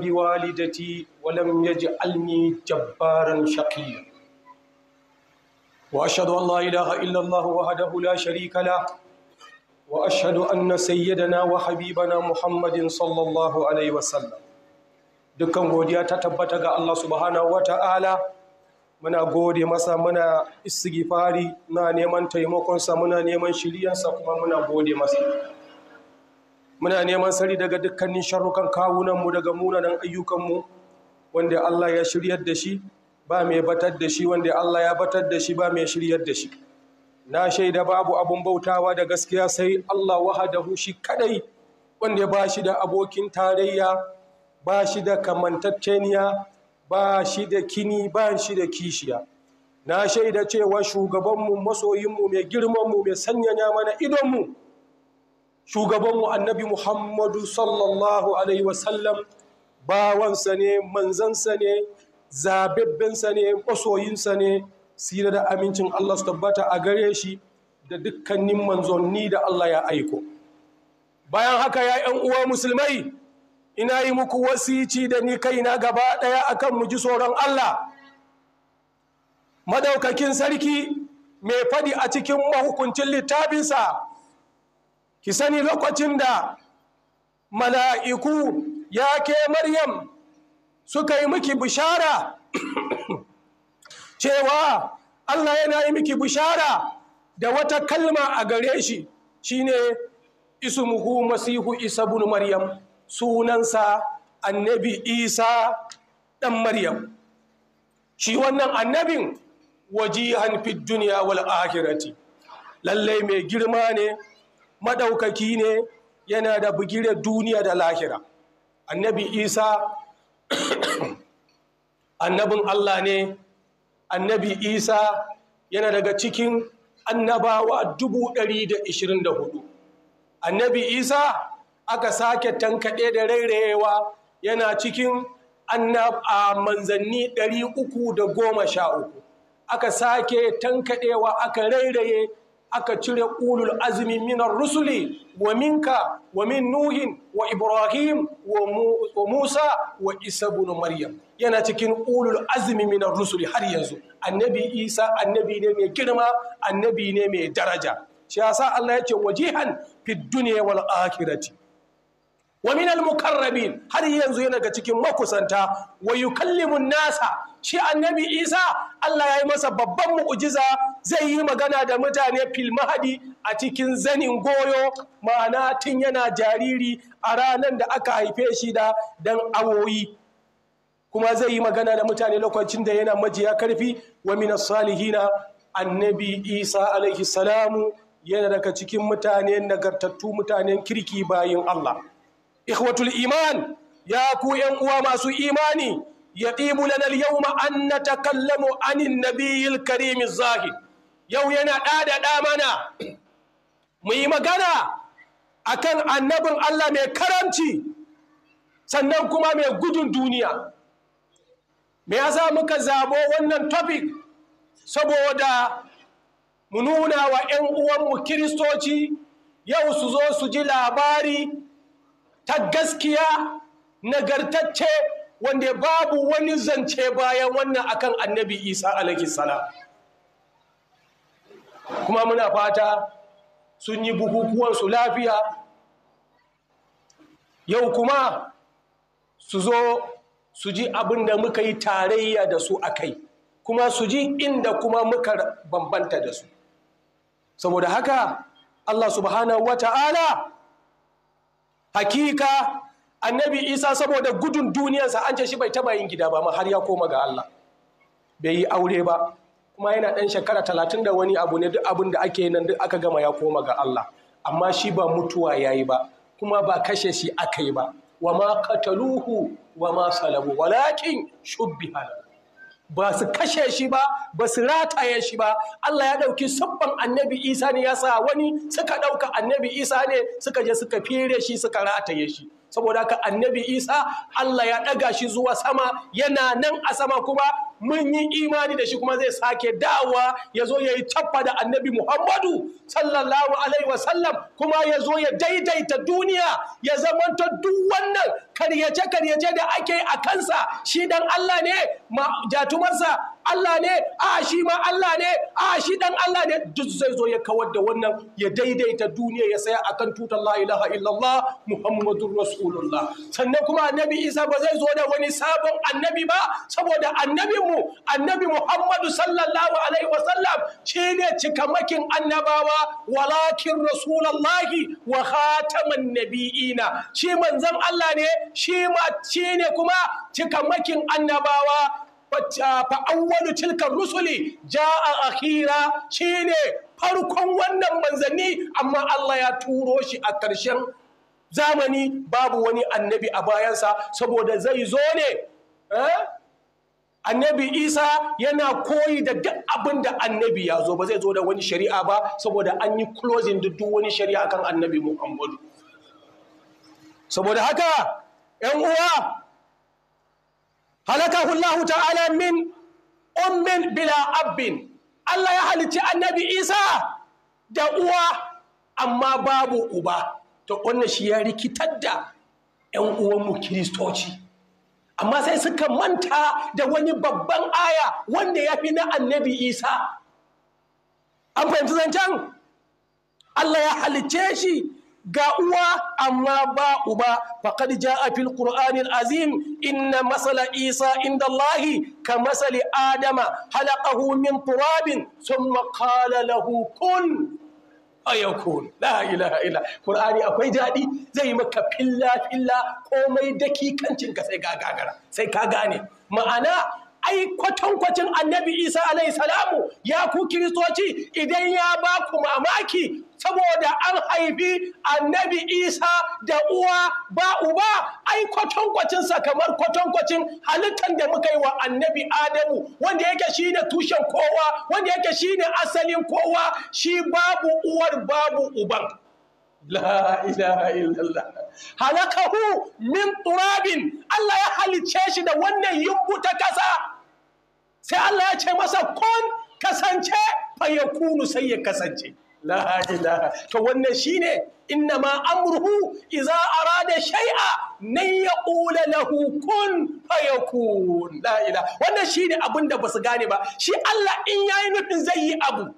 biwalidati walam ya ji alni jabbaran shakiya wa ashadu an la ilaha illallah wa hadahu la sharikala wa ashadu anna sayyadana wa habibana muhammadin sallallahu alaihi wasallam dukkan godiya ta tabbata ga Allah Subhana wa ta'ala muna gode masa muna istighfari muna neman taimakonsa muna neman shiriyarsa kuma muna gode masa muna neman sari daga dukkanin sharrukan kawunanmu daga munanan ayyukanmu wanda Allah ya shiryar da shi ba mai batar da shi wanda Allah ya batar da shi ba mai shiryar da shi na shaida babu abun bautawa da gaskiya sai Allah wahadahu shi kadai wanda ba shi da abokin tarayya ba shi da kamantacceniya ba shi da kini ba shi da kishiya na shaida cewa shugabanmu masoyinmu mai girmanmu mai sanyanya mana idonmu shugabanmu annabi muhammadu sallallahu alaihi wasallam bawansa ne manzansa ne zababbensa ne masoyinsa ne sira da amincin allah su tabbata a gare shi da dukkanin manzanni da allah ya aiko bayan haka ya yan uwa musulmai ina yi muku wasici da ni kaina gaba ɗaya akan mu ji tsoron allah madaukakin sarki mai faɗi a cikin mahukuncin littafinsa ki sani lokacin da mala'iku ya ke maryam suka yi miki bishara cewa allah yana yi miki bishara da wata kalma a gare shi shine ismuhu masihu isa bin maryam sunansa annabi isa dan maryam shi wannan annabin wajihan fid duniya wal akhirati lallai mai girma ne Madaukaki ne yana da bugire duniya da lahira annabi isa annabin allah ne annabi isa yana daga cikin annabawa hudu. annabi isa aka sake tankaɗe da rairayewa yana cikin a manzanni uku aka sake tankaɗewa aka rairaye aka cire ulul azumi minar rusuli wa minka wa min nuhin wa ibrahim wa musa wa isa maryam yana cikin ulul azumi minar rusuli har yanzu annabi isa annabi ne mai girma annabi ne mai daraja shi sa Allah ya ce wajihan fid dunya wal akhirati wa min al-muqarrabin har yanzu yana daga cikin makusanta wa yukallimu nasa shi annabi Isa Allah ya yi masa babban mu'jiza zai yi magana da mutane fil mahadi a cikin zanin goyo ma'ana tun yana jariri a ranar da aka haife shi da dan awoyi kuma zai yi magana da mutane lokacin da yana majiya karfi wa min salihina annabi Isa alaihi salamu yana daga cikin mutane nagartattu mutanen kirki bayin Allah ikhwatul iman ya ku yan uwa masu imani yaqimu lana al-yawma an natakallamu anin nabiyil karim zahid yau yana da ɗa mana mu yi magana akan annabin Allah mai karamci sannan kuma mai gudun duniya me yasa muka zabo wannan topic saboda mu nuna wa 'yan uwanmu kiristoci yau su zo su ji labari ta gaskiya nagartacce wanda babu wani zance bayan wannan akan annabi isa alaihi kuma muna fata sun yi bukukuwansu lafiya yau kuma su zo su ji abin da muka yi tarayya da su a kai kuma su ji inda kuma muka bambanta da su saboda haka allah subhanahu wa ta'ala hakika annabi isa saboda gudun duniyarsa an ce shi bai taba yin gida ba ma har ya koma ga allah bai yi aure ba kuma yana ɗan shekara talatin da wani abu ne duk abin da ake nan duk aka gama ya koma ga allah amma shi ba mutuwa ya yi ba kuma ba kashe shi aka yi ba wa ma kataluhu wa ma salabu walakin shubbi halal ba su kashe shi ba ba su rataye shi ba Allah ya ɗauki sabban annabi isa ne ya sa wani suka ɗauka annabi isa ne suka je suka fere shi suka rataye shi saboda haka annabi isa allah ya ɗaga shi zuwa sama yana nan a sama kuma mun yi imani da shi kuma zai sake dawa ya zo ya yi tabba da annabi muhammadu sallallahu alaihi wasallam kuma ya zo ya daidaita duniya ya zamanta duk wannan karyace-karyace da ake a kansa shi dan allah ne jatumarsa Allah ne a shi ma Allah ne a shi dan Allah ne duk zai zo ya kawar da wannan ya daidaita duniya ya saya akan tutar la ilaha illallah muhammadur rasulullah sannan kuma annabi Isa ba zai zo da wani sabon annabi ba saboda annabinmu annabi Muhammadu sallallahu alaihi shi ne cikamakin annabawa walakin rasulullahi wa khataman nabi'ina shi manzon Allah ne shi ma ne kuma cikamakin annabawa fa awwalu tilka rusuli jaa akhira shine farkon wannan manzanni amma Allah ya turo shi a ƙarshen zamani babu wani annabi a bayansa saboda zai zo ne eh? annabi isa yana koyi da duk abin da annabi ya zo ba zai zo da wani shari'a ba saboda an yi closing da duk wani shari'a kan annabi muhammadu saboda haka 'yan uwa halakahu Allah ta'ala min ummin bila abbin Allah ya halicci annabi Isa da uwa amma babu uba to wannan shi ya rikitar da 'yan uwanmu kiristoci amma sai suka manta da wani babban aya wanda ya fi na annabi isa an fahimci zancen allah ya halicce shi ga uwa amma ba uba faqad jaa fil qur'anil azim inna masala isa inda ka masali adama halaqahu min turabin thumma qala lahu kun ayakun la ilaha illa qur'ani akwai dadi zai maka filla filla komai dakikancin ka sai ka sai ka gane ma'ana ai kwatankwacin annabi isa alaihi salamu ya ku kiristoci idan ya ba ku mamaki saboda an haifi annabi isa da uwa ba uba ai kwatankwacinsa kamar kwatankwacin halittar da muka yi wa annabi adamu wanda yake shi ne tushen kowa wanda yake shi ne asalin kowa shi babu uwar babu uban La ilaha illallah. Halakahu min turabin Allah ya halicce shi da wannan yumbu ta kasa. Sai Allah ya ce masa kun kasance fa yakunu sai ya kasance. la ilaha to wannan shine inna ma amruhu iza arada shay'a nan yaqula lahu kun fayakun la ilaha wannan shine abin da basu gane ba shi Allah in yayi nufin zai yi abu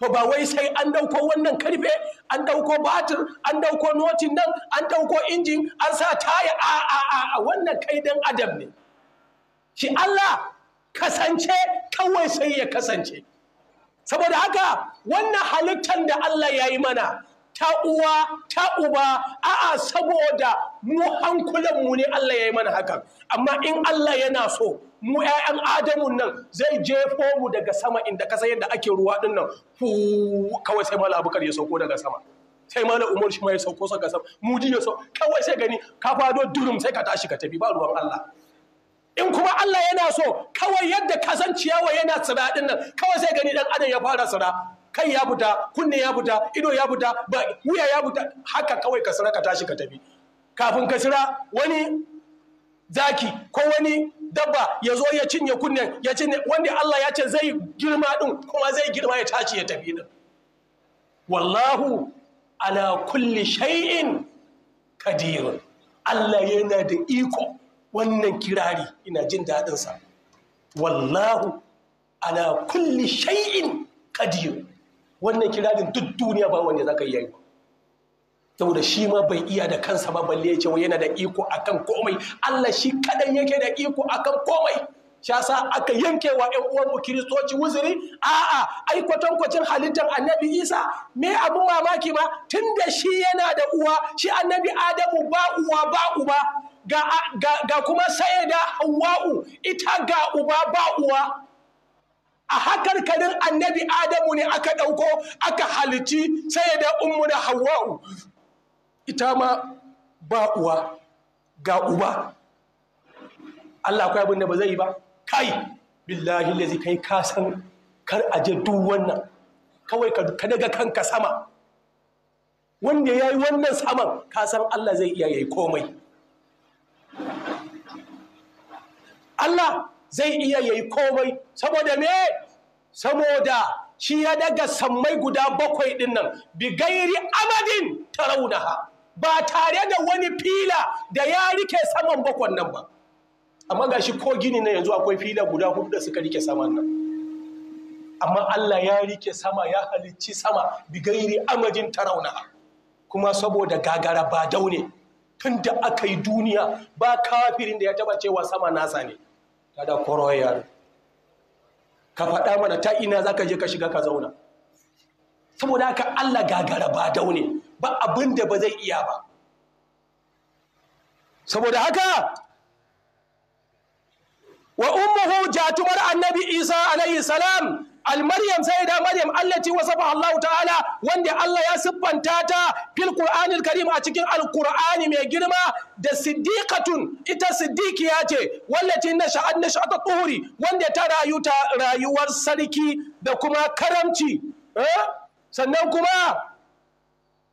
to ba wai sai an dauko wannan karfe an dauko batir an dauko notin nan an dauko injin an sa taya a a a wannan kai dan adam ne shi Allah kasance kawai sai ya kasance saboda haka wannan halittar da Allah ya yi mana ta uwa ta uba a'a saboda mu hankulan mu ne Allah ya yi mana hakan amma in Allah yana so mu 'ya'yan adamun nan zai jefo mu daga sama inda ka yadda ake ruwa din nan kawai sai mala abukar ya sauko daga sama sai mala umar shi ma ya sauko daga sama mu ji ya sauko kawai sai gani ka fado durum sai ka tashi ka tafi ba ruwan Allah in kuma Allah yana so kawai yadda kasanciyawa yana tsira din nan kawai sai gani dan adam ya fara tsira kai ya buta kunne ya buta ido ya buta wuya ya buta haka kawai ka tsira ka tashi ka tafi kafin ka tsira wani zaki ko wani dabba ya zo ya cinye kunnen ya cinye wanda Allah ya ce zai girma din kuma zai girma ya tashi ya tafi din wallahu ala kulli shay'in kadir Allah yana da iko wannan kirari ina jin daɗinsa wallahu ala kulli shay'in qadir wannan kirarin duk duniya ba wanda zaka yi saboda shi ma bai iya da kansa ba balle ya ce wa yana da iko akan komai Allah shi kadan yake da iko akan komai Sha sa aka yanke wa ‘yan uwanmu kiristoci wuziri a'a ai kwatankwacin halittar annabi isa me abin mamaki ba? Tunda shi yana da uwa shi annabi adamu ba uwa ba uba ga kuma sai da hawa'u ita ga uba ba uwa a hakarkarin annabi adamu ne aka ɗauko aka halici sai da ummu da hawa'u ita ma ba uwa ga uba Allah akwai abin da ba zai yi ba kai billahi lazi kai ka kar a wannan kawai ka daga kanka sama wanda ya yi wannan saman kasan Allah zai iya yayi komai Allah zai iya yayi komai saboda me saboda shi ya daga sammai guda bakwai din nan gairi amadin taraunaha ba tare da wani fila da ya rike saman bakwan nan ba amma ga shi ko gini na yanzu akwai fila guda hudu da suka rike saman nan amma Allah ya rike sama ya halicci sama gairi amadin tarawunaha kuma saboda gagara ba daune tun da aka yi duniya ba kafirin da ya taba cewa sama nasa ne kada koroyar ka faɗa mana ta ina za ka je ka shiga ka zauna saboda haka allah gagara ba daune ba abin da ba zai iya ba saboda haka wa ummuhu jatumar annabi isa alaihi salam almaryam sai da maryam allati wasafa Allah ta'ala wanda Allah ya siffanta ta fil qur'anil karim a cikin alqur'ani mai girma da siddiqatun ita siddiqiya ce wallati nasha'at nasha'at tuhuri wanda ta rayu ta rayuwar sarki da kuma karamci eh? sannan kuma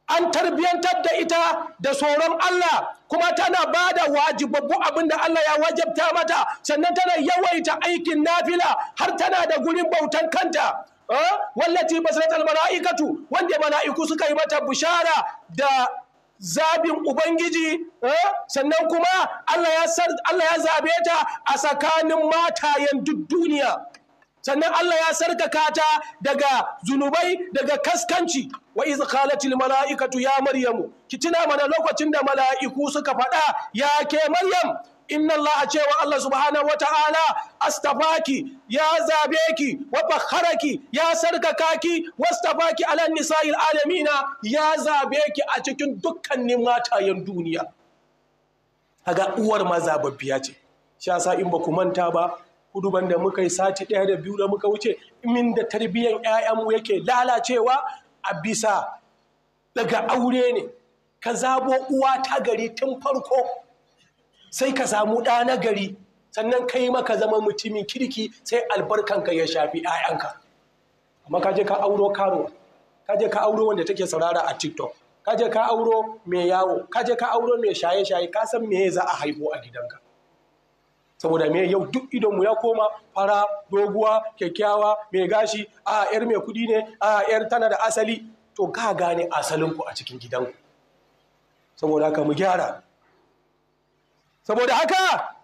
an tarbiyantar da ita da tsoron Allah kuma tana ba da wajibabbu abin da Allah ya wajabta mata sannan tana yawaita aikin nafila har tana da gurin bautan kanta ah, wallati basiratul mala'ikatu wanda mala'iku suka yi mata bishara da zabin ubangiji ah, sannan kuma Allah ya zabe ta a tsakanin matayen duk duniya sannan Allah ya sarkaka ta daga zunubai daga kaskanci wa iz qalatil malaikatu ya maryamu ki tuna mana lokacin da mala'iku suka faɗa ya ke maryam inna Allah wa Allah subhanahu wata'ala astafaki ya zabe ki wa fakharaki ya sarkaka ki wastafaki ala nisa'il alamina ya zabe ki a cikin dukkanin matayen duniya kaga uwar maza ce shi yasa in ba ku manta ba huduban da muka yi sati ɗaya da biyu da muka wuce min da tarbiyyar 'ya'yanmu yake lalacewa a bisa daga aure ne ka zabo uwa ta gari tun farko sai ka samu ɗa na gari sannan yi maka zama mutumin kirki sai albarkanka ya shafi 'ya'yanka amma ka je ka auro karo ka je ka auro wanda take saurara a tiktok ka je ka auro mai yawo ka je ka auro mai shaye-shaye ka san me za a haifo a gidanka saboda me yau duk idonmu ya koma fara doguwa kyakkyawa mai gashi a yar mai kudi ne a yar tana da asali to ka gane asalinku a cikin gidanku saboda haka mu gyara saboda haka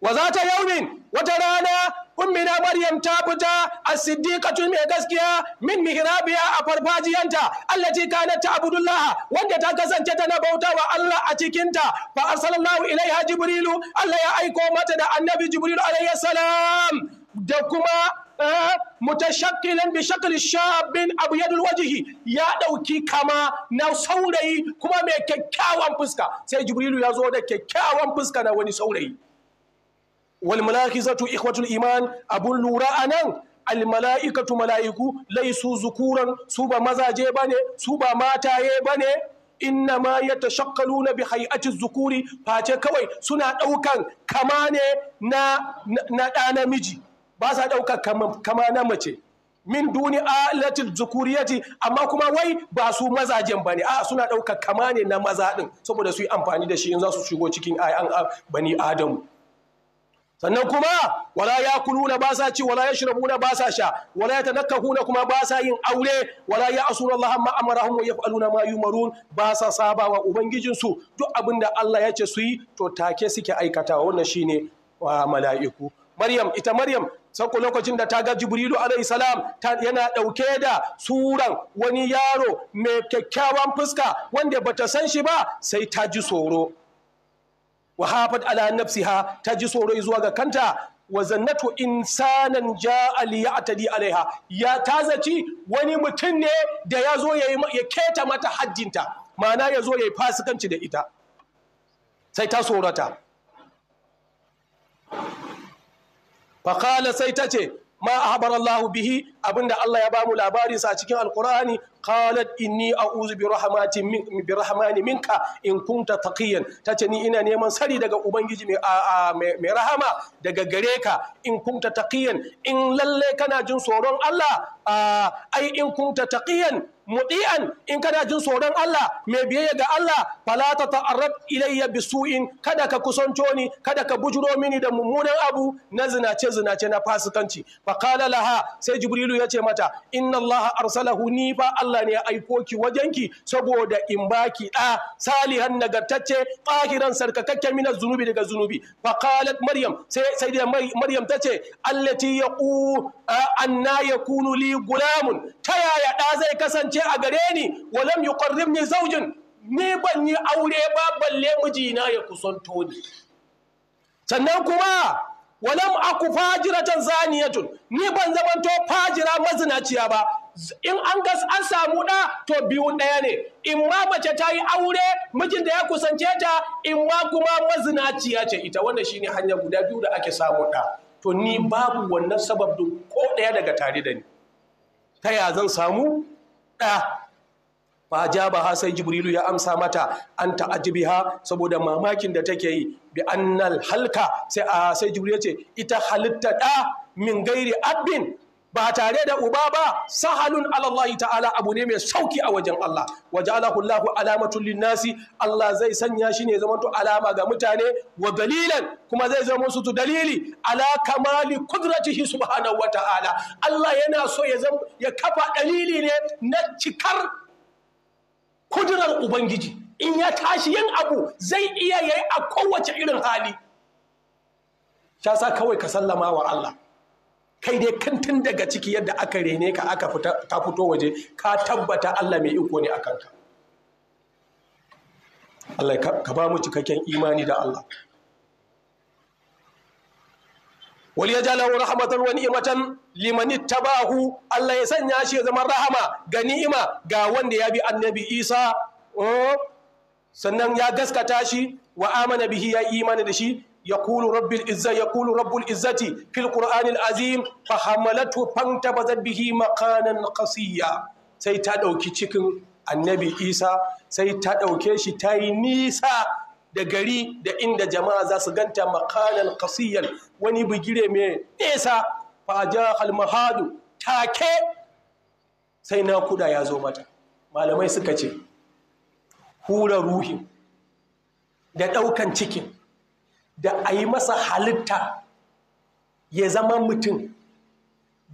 wa za ta yaumin wata rana ummina maryam ta fita as-siddiqatu mai gaskiya min mihrabiya a farfajiyanta allati kanat abdullah wanda ta kasance tana bauta wa Allah a cikin ta fa arsalallahu ilaiha jibrilu Allah ya aiko mata da annabi jibril alayhi salam da kuma eh, mutashakkilan bi shakli abu abyadul wajihi ya dauki kama na saurayi kuma mai kyakkyawan fuska sai jibrilu ya zo da kyakkyawan fuska na wani saurayi wal ikhwatul iman abun lura anan almala'ikatu malaiku laisu zukuran su ba mazaje bane su ba mataye bane inna ma yatashakkaluna bi hay'ati zukuri face kawai suna daukan kama ne na na da namiji ba sa daukan kama mace min duni alatil zukuriyati amma kuma wai ba su mazajen ba a suna ɗaukar kama ne na maza din, saboda su yi amfani da shi in za su shigo cikin ayan bani adamu sannan kuma wala ya kuluna ba sa ci wala ya shirabuna ba sa sha wala ya tanakkahuna kuma ba sa yin aure wala ya asura Allah amma amarahum wa yaf'aluna ma yumarun ba sa sabawa ubangijinsu duk abinda Allah ya ce su yi to take suke aikata wannan shine wa mala'iku Maryam ita Maryam sako lokacin da ta ga Jibrilu alayhi salam yana ɗauke da suran wani yaro mai kyakkyawan fuska wanda bata san shi ba sai ta ji tsoro wa hafat ala nafsiha ta ji tsoro zuwa ga kanta wa zannatu insanan ja'a li ya'tadi alaiha ya tazaci wani mutum ne da ya zo ya keta mata haddinta ma'ana ya zo ya yi fasikanci da ita sai ta tsorata faƙala sai ta ce ma a habar Allah bihi abinda Allah ya bamu labarin sa a cikin alkur'ani qalat inni a'udhu bi rahmatin min bi rahmani minka in kunta taqiyan tace ni ina neman sari daga ubangiji mai mai rahama daga gare ka in kunta taqiyan in lalle kana jin tsoron Allah ai in kunta taqiyan mudi'an in kana jin tsoron Allah mai biyayya ga Allah fala ta ta'arrab ilayya bisu'in kada ka kusanto ni kada ka bujuro mini da mummunan abu na zinace zinace na fasikanci fa qala laha sai Jibril. jibrilu ya ce mata inna Allah arsalahu ni fa allah ne ya aiko ki wajenki saboda in baki da salihan nagartacce tahiran sarkakakke mina zunubi daga zunubi fa qalat maryam sai sai da maryam tace allati yaqu anna yakunu li gulamun ta yaya da zai kasance a gare ni walam yuqarribni zawjin ni ban yi aure ba balle mijina ya kusanto ni sannan kuma walam aku fajiratan zaniyatun ni ban zamanto fajira mazinaciya ba in an gas an samu ɗa to biyu ɗaya ne in ma mace ta yi aure mijin da ya kusance ta in ma kuma mazinaciya ce ita wannan shine hanya guda biyu da ake samu ɗa to ni babu wannan sababin ko ɗaya daga tare da ni ta ya zan samu ɗa fa ba sai jibrilu ya amsa mata an ta'ajibiha saboda mamakin da take yi bi annal halka sai a sai jibrilu yace ita halitta da min gairi abin ba tare da uba ba sahalun Allah ta'ala abu ne mai sauki a wajen Allah waje Allahu alamatun linnasi Allah zai sanya shi ne zamanto alama ga mutane wa dalilan kuma zai zama su tu dalili ala kamali qudratihi subhanahu wa ta'ala Allah yana so ya kafa dalili ne na cikar kudurar ubangiji in ya tashi yin abu zai iya yayi a kowace irin hali sha sa kawai ka sallama wa Allah kai dai kantin daga ciki yadda aka rene ka aka fita ta fito waje ka tabbata Allah mai iko ne a kanka. Allah ka ba mu cikakken imani da Allah wal yajalahu rahmatan wa ni'matan liman ittabahu Allah ya sanya shi ya zama rahama ga ni'ima ga wanda ya bi annabi Isa sannan ya gaskata shi wa amana bihi ya imani da shi يقول رب العزة يقول رب العزة في القرآن العظيم فحملته فانتبذت به مقانا قصيا sai ta ɗauki cikin annabi isa sai ta ɗauke shi ta yi nisa da gari da inda jama'a za su ganta makanan kasiyar wani bigire mai nesa faja halmahadu take sai na kuda ya zo mata malamai suka ce hura ruhi da ɗaukan cikin da a yi masa halitta ya zama mutum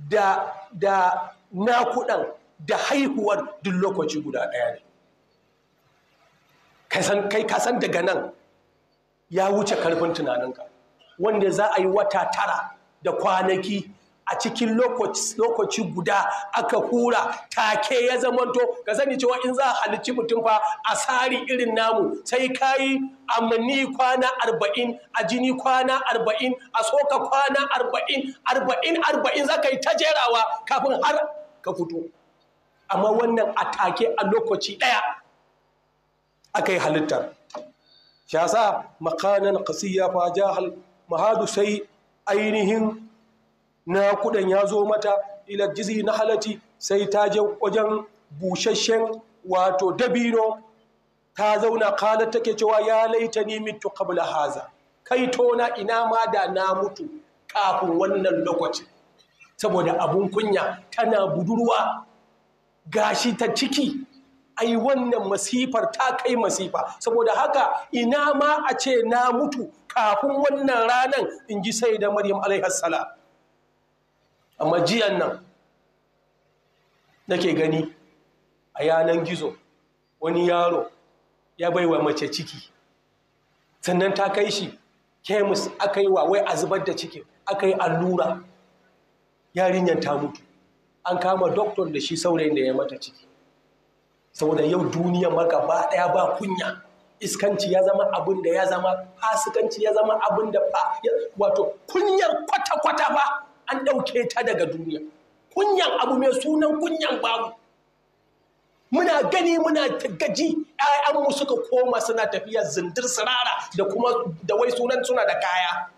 da, na kuɗan da haihuwar duk lokaci guda ɗaya ne kai kasan daga nan ya wuce karfin tunaninka wanda za a yi wata tara da kwanaki a cikin lokaci guda aka hura take ya zamanto ka sani cewa in za a halici mutum fa a tsari irin namu sai kayi amani amini kwana arba'in a jini kwana arba'in a soka kwana arba'in arba'in arba'in za ka yi ta jerawa kafin har ka fito amma wannan a take a lokaci ɗaya aka yi halittar shasa sa makanan kasiya fa jahal mahadu sai ainihin na kudan ya zo mata ila jizi na halati sai ta je wajen busasshen wato dabino ta zauna kala take cewa ya laita ni mitu qabla haza kai tona ina ma da na mutu kafin wannan lokacin saboda abun kunya tana budurwa gashi ta ciki ai wannan masifar ta kai masifa saboda haka ina ma a ce na mutu kafin wannan ranan in ji sai da maryam alaihassala amma jiyan nan nake gani a yanan gizo wani yaro ya baiwa mace ciki sannan ta kai shi kemis aka yi wa wai a zubar da ciki aka yi allura yarinyar ta mutu an kama doktor da shi saurayin da ya mata ciki saboda yau duniyar marka ba daya ba kunya iskanci ya zama abin da ya zama fasikanci ya zama abin da wato kunyar kwata-kwata ba an ɗauke ta daga duniya kunyan abu mai sunan kunyan babu muna gani muna gaji mu suka koma suna tafiya zindir sirara da kuma da wai sunan suna da kaya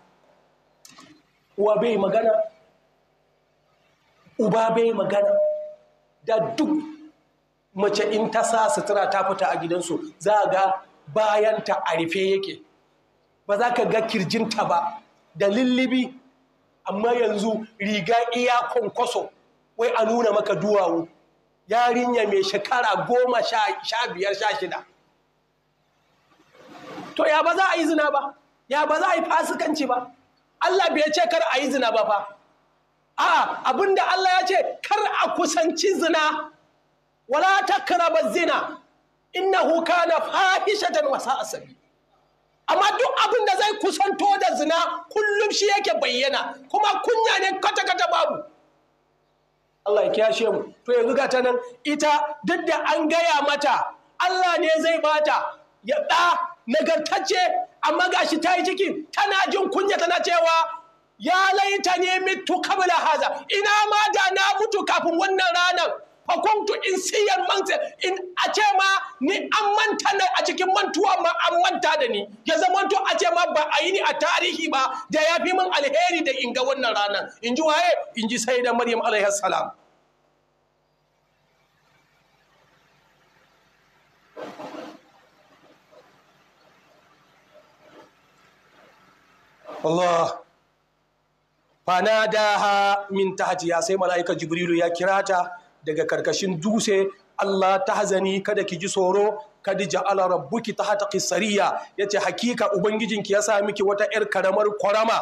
uwa bai magana uba bai magana da duk mace in ta sa sutura ta fita a gidansu za ga bayanta a rufe yake ba za ka ga kirjinta ba da lillibi amma yanzu riga iya kwankwaso wai a nuna maka duwawu yarinya mai shekara goma sha biyar sha shida to ya ba za a yi zina ba ya ba za a yi fasikanci ba Allah bai ce kar a yi zina ba fa a abinda Allah ya ce kar a kusanci zina wala takraba zina na kana fahishatan wasa a sabi amma duk abin da zai kusanto da zina kullum shi yake bayyana kuma kunya ne kwata kwata babu Allah ya kyashe mu to yanzu ga nan ita duk da an gaya mata Allah ne zai bata ya ɗa nagartacce amma gashi ta yi ciki tana jin kunya tana cewa ya laita ne mitu kabla haza ina ma da na mutu kafin wannan ranar to in siyan mansa in a ce ma ni an manta na a cikin mantuwa ma an manta da ni ya zamanto a ce ma ba a yi ni a tarihi ba da ya fi min alheri da in ga wannan ranar in ji waye in ji sai da maryam alaihi salam Allah fanadaha min tahtiha sai malaika jibrilu ya kirata daga karkashin dutse Allah ta hazani kada ki ji tsoro kada ja'ala rabbuki ta hata qissariya yace hakika ubangijinki ya sa miki wata yar karamar kwarama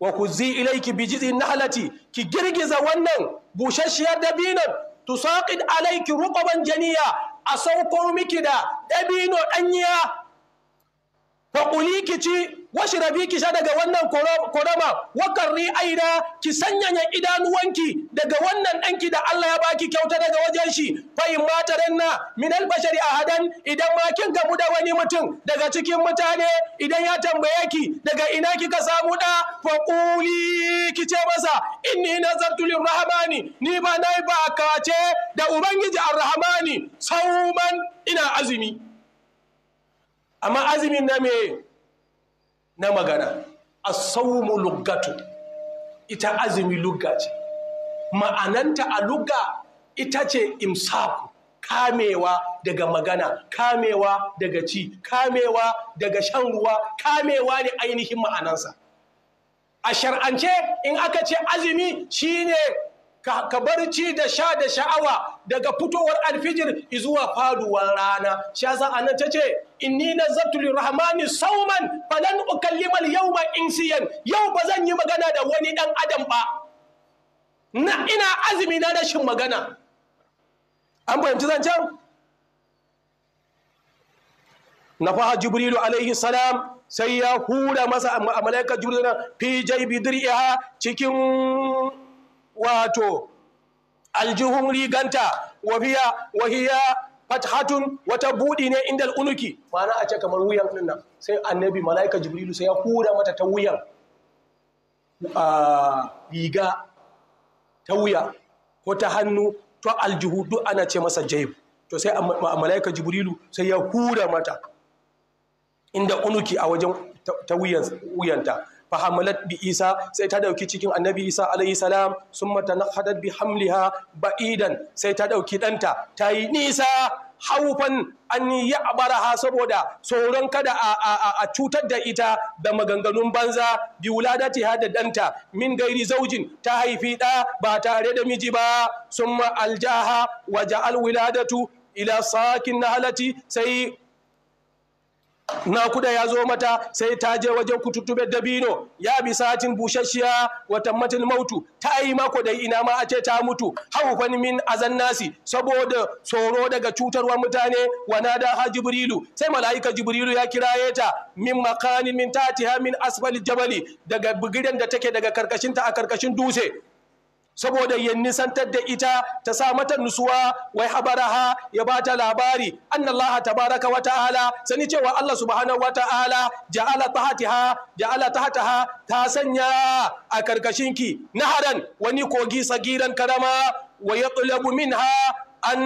wa ilai ki bi jizi nahlati ki girgiza wannan bushashiyar dabinan tusaqid alaiki ruqaban janiya a sauko miki da dabino danyiya fa ki ci rabi ki sha daga wannan korama wakarri aida ki sanyanya idanuwanki daga wannan ɗanki da Allah ya baki kyauta daga wajen shi fa in na, min albashari ahadan idan ma kin gamu da wani mutum daga cikin mutane idan ya tambaye ki daga ina kika samu da fa quli ki ce masa inni nazartu lirrahmani ni ba nayi ba kace da ubangiji arrahmani sauman ina azumi amma azumin na me na magana asawmu luggatu ita azumi lugga ce ma'ananta a lugga ita ce imsaku kamewa daga magana kamewa daga ci kamewa daga shan ruwa kamewa ne ainihin ma'anansa a shar'ance in aka ce azumi shine ka bar ci da sha da sha'awa daga fitowar alfijir zuwa faduwar rana shi yasa anan ta ce inni nazartu rahmani sauman falan ukallimal yawma insiyan yau ba zan yi magana da wani dan adam ba na ina azumi na rashin magana an fahimci zancen nafaha jibrilu alaihi salam sai ya hura masa malaikar jibrilu fi jaibi dir'iha cikin wato aljihun riganta wahiya wahiya fathatun wata budi ne inda unuki ma'ana a ce kamar wuyan din nan sai annabi malaika jibrilu sai ya hura mata ta wuyan riga ta wuya ko ta hannu to aljihu duk ana ce masa jaib to sai malaika jibrilu sai ya hura mata inda unuki a wajen ta wuyanta fahamalat bi isa sai ta dauki cikin annabi isa alaihi salam summa tanahhadat bi hamliha ba'idan sai ta dauki danta ta yi nisa haufan an yi abaraha saboda tsoron kada a cutar da ita da maganganun banza bi wuladati da danta min gairi zaujin ta haifi ɗa ba tare da miji ba summa aljaha wa ja'al wiladatu ila sakin nahalati sai nakuda ya zo mata sai ta je wajen kututube dabino ya bi satin bushashiya watan matin mautu ta yi mako da ina ma a ce ta mutu haufan min azan nasi saboda tsoro daga cutarwa mutane wana da ha jibrilu sai mala'ika jibrilu ya kiraye ta min makani min tatiha min asfali jabali daga bigiren da take daga karkashinta a karkashin dutse saboda ya nisantar da ita ta sa mata nusuwa wai habaraha ya ba ta labari annallaha tabaraka wa ta'ala sani cewa Allah subhanahu wa ta'ala ja'ala tahatiha ja'ala tahataha ta sanya a Na naharan wani kogi sagiran karama wa yatlabu minha an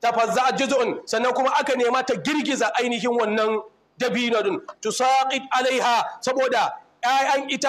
tafazza juz'un sannan kuma aka nema ta girgiza ainihin wannan dabinadun tusaqit alaiha saboda ‘ya'yan ita